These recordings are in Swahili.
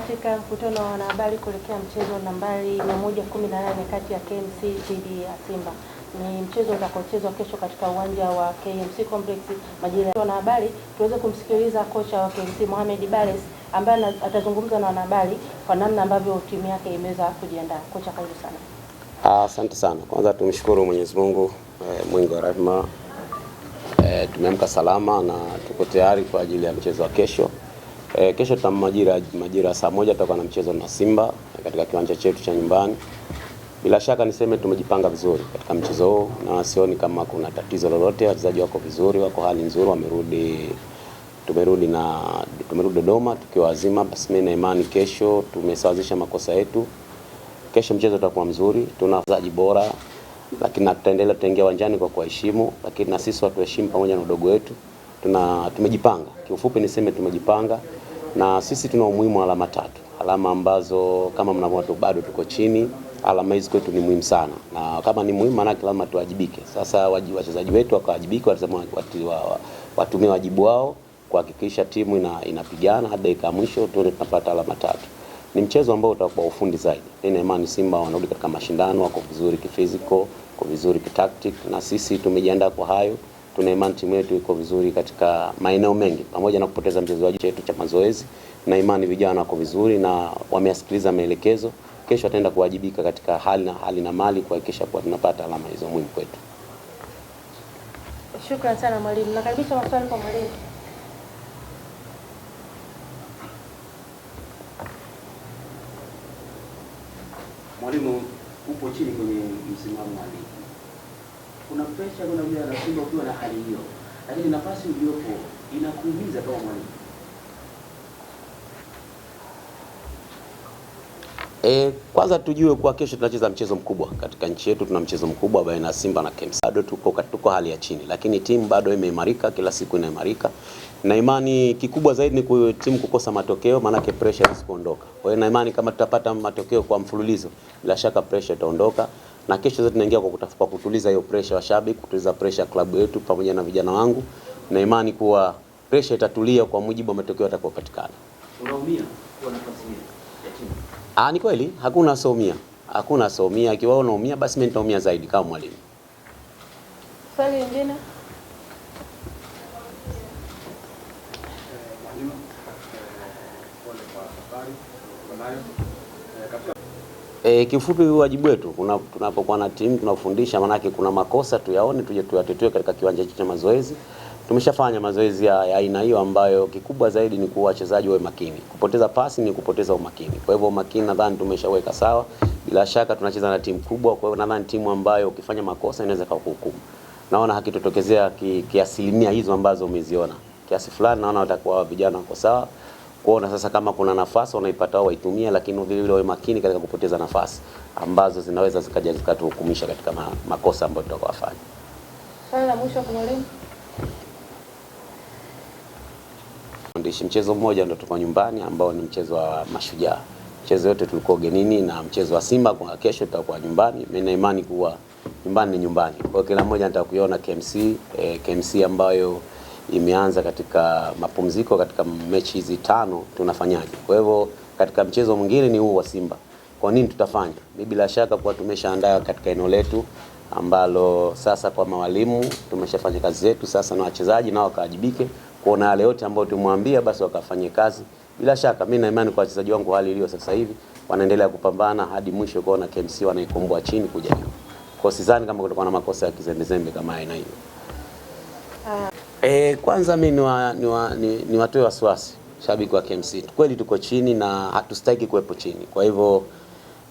katika mkutano wa wanahabari kuelekea mchezo nambari 118 kati ya KMC dhidi ya Simba. Ni mchezo utakaochezwa kesho katika uwanja wa KMC Complex majira ya wanahabari. Tuweze kumsikiliza kocha wa KMC Mohamed Bales ambaye atazungumza na wanahabari kwa namna ambavyo timu yake imeweza kujiandaa. Kocha, karibu sana. Ah, asante sana. Kwanza tumshukuru Mwenyezi Mungu eh, mwingi wa rehema eh, tumeamka salama na tuko tayari kwa ajili ya mchezo wa kesho. E, kesho tam majira majira saa moja tutakuwa na mchezo na Simba eh, katika kiwanja chetu cha nyumbani. Bila shaka niseme tumejipanga vizuri katika mchezo huu na sioni kama kuna tatizo lolote. Wachezaji wako vizuri, wako hali nzuri, wamerudi tumerudi na tumerudi Dodoma tukiwa wazima. Basi mimi na imani kesho tumesawazisha makosa yetu. Kesho mchezo utakuwa mzuri, tuna wachezaji bora, lakini na tutaendelea tutaingia uwanjani kwa kuheshimu, lakini na sisi watu heshima pamoja na udogo wetu. Tuna tumejipanga, kiufupi niseme tumejipanga na sisi tuna umuhimu wa alama tatu, alama ambazo kama mnavyoona bado tuko chini. Alama hizi kwetu ni muhimu sana, na kama ni muhimu, maanake lazima tuwajibike. Sasa wachezaji wetu wakawajibike, watumie wajibu wao kuhakikisha timu ina, inapigana hadi dakika ya mwisho, tuone tunapata alama tatu. Ni mchezo ambao utakuwa ufundi zaidi. Nina imani Simba wanarudi katika mashindano, wako vizuri kifiziko, wako vizuri kitactic, na sisi tumejiandaa kwa hayo tuna imani timu yetu iko vizuri katika maeneo mengi, pamoja na kupoteza mchezaji wetu cha mazoezi, na imani vijana wako vizuri na wameasikiliza maelekezo. Kesho ataenda kuwajibika katika hali na hali na mali kuhakikisha kuwa tunapata alama hizo muhimu kwetu. Shukrani sana mwalimu. Nakaribisha maswali kwa mwalimu. Mwalimu, upo chini kwenye msimamo wa ligi kuna pressure, kuna vile anasema, ukiwa na hali hiyo, lakini nafasi uliopo inakuumiza kama mwalimu. E, kwanza tujue kuwa kesho tunacheza mchezo mkubwa katika nchi yetu. Tuna mchezo mkubwa baina ya Simba na KMC. Bado tuko, tuko hali ya chini, lakini timu bado imeimarika, kila siku inaimarika, na imani kikubwa zaidi ni kwa timu kukosa matokeo, maanake pressure isikuondoka. Kwa hiyo na imani kama tutapata matokeo kwa mfululizo, bila shaka pressure itaondoka na kesho zote tunaingia kwa kutafuta kutuliza hiyo pressure washabiki, kutuliza pressure klabu yetu pamoja na vijana wangu, na imani kuwa pressure itatulia kwa mujibu wa matokeo yatakayopatikana. Unaumia kwa nafasi ya timu? Ah, ni kweli hakuna soumia, hakuna soumia. Akiwa unaumia, basi mimi nitaumia zaidi kama mwalimu. Swali lingine eh, E, kifupi wajibu wetu tunapokuwa na timu tunafundisha, maanake kuna makosa tuyaone, tuje tuyatetue katika kiwanja hicho cha mazoezi. Tumeshafanya mazoezi ya aina hiyo, ambayo kikubwa zaidi ni kuwa wachezaji wawe makini. Kupoteza pasi ni kupoteza umakini, kwa hivyo umakini nadhani tumeshaweka sawa. Bila shaka tunacheza na timu kubwa, kwa hivyo nadhani timu ambayo ukifanya makosa inaweza kukuhukumu. Naona hakitotokezea kiasilimia ki hizo ambazo umeziona kiasi fulani, naona watakuwa vijana wako sawa kuona sasa kama kuna nafasi wanaipata wao waitumie, lakini vile vile wawe makini katika kupoteza nafasi ambazo zinaweza zikaja zikatuhukumisha katika makosa ambayo tutakayofanya. mwisho kwa mwalimu. Ndishi mchezo mmoja ndio tuko nyumbani ambao ni mchezo wa Mashujaa. Mchezo yote tulikuwa ugenini na mchezo wa Simba kwa kesho tutakuwa nyumbani. Mimi na imani kuwa nyumbani ni nyumbani. Kwa kila mmoja nitakuiona KMC, eh, KMC ambayo imeanza katika mapumziko katika mechi hizi tano, tunafanyaje? Kwa hivyo katika mchezo mwingine ni huu wa Simba, kwa nini tutafanya? Mimi bila shaka kuwa tumeshaandaa katika eneo letu ambalo sasa kwa mawalimu tumeshafanya kazi zetu, sasa na wachezaji nao wakawajibike kuona yale yote ambayo tumwambia, basi wakafanye kazi. Bila shaka mimi na imani kwa wachezaji wangu hali iliyo sasa hivi wanaendelea kupambana hadi mwisho kuona KMC wanaikomboa chini kuja juu. Kwa sidhani kama kutakuwa na makosa ya kizembezembe kama aina hiyo. E, kwanza mi ni wa, wa, ni, ni, ni watoe wasiwasi shabiki wa KMC, kweli tuko chini na hatustaki kuwepo chini. Kwa hivyo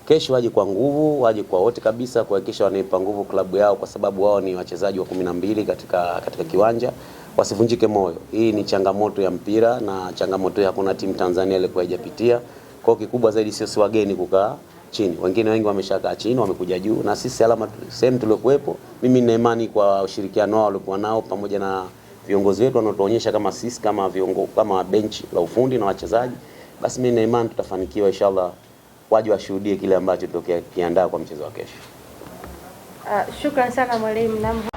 kesho waje kwa nguvu, waje kwa wote kabisa kuhakikisha wanaipa nguvu klabu yao, kwa sababu wao ni wachezaji wa kumi na mbili katika, katika kiwanja. Wasivunjike moyo, hii ni changamoto ya mpira na changamoto hakuna timu Tanzania ilikuwa haijapitia. Kwa kikubwa zaidi sio si wageni kukaa chini, wengine wengi wameshakaa chini, wamekuja juu, na sisi alama sehemu tuliokuwepo, mimi nina imani kwa ushirikiano wao walikuwa nao pamoja na viongozi wetu wanatuonyesha kama sisi kama viongo, kama benchi la ufundi na wachezaji, basi mimi na imani tutafanikiwa inshallah, waje washuhudie kile ambacho kiandaa kwa mchezo wa kesho. Uh, ah, shukrani sana mwalimu.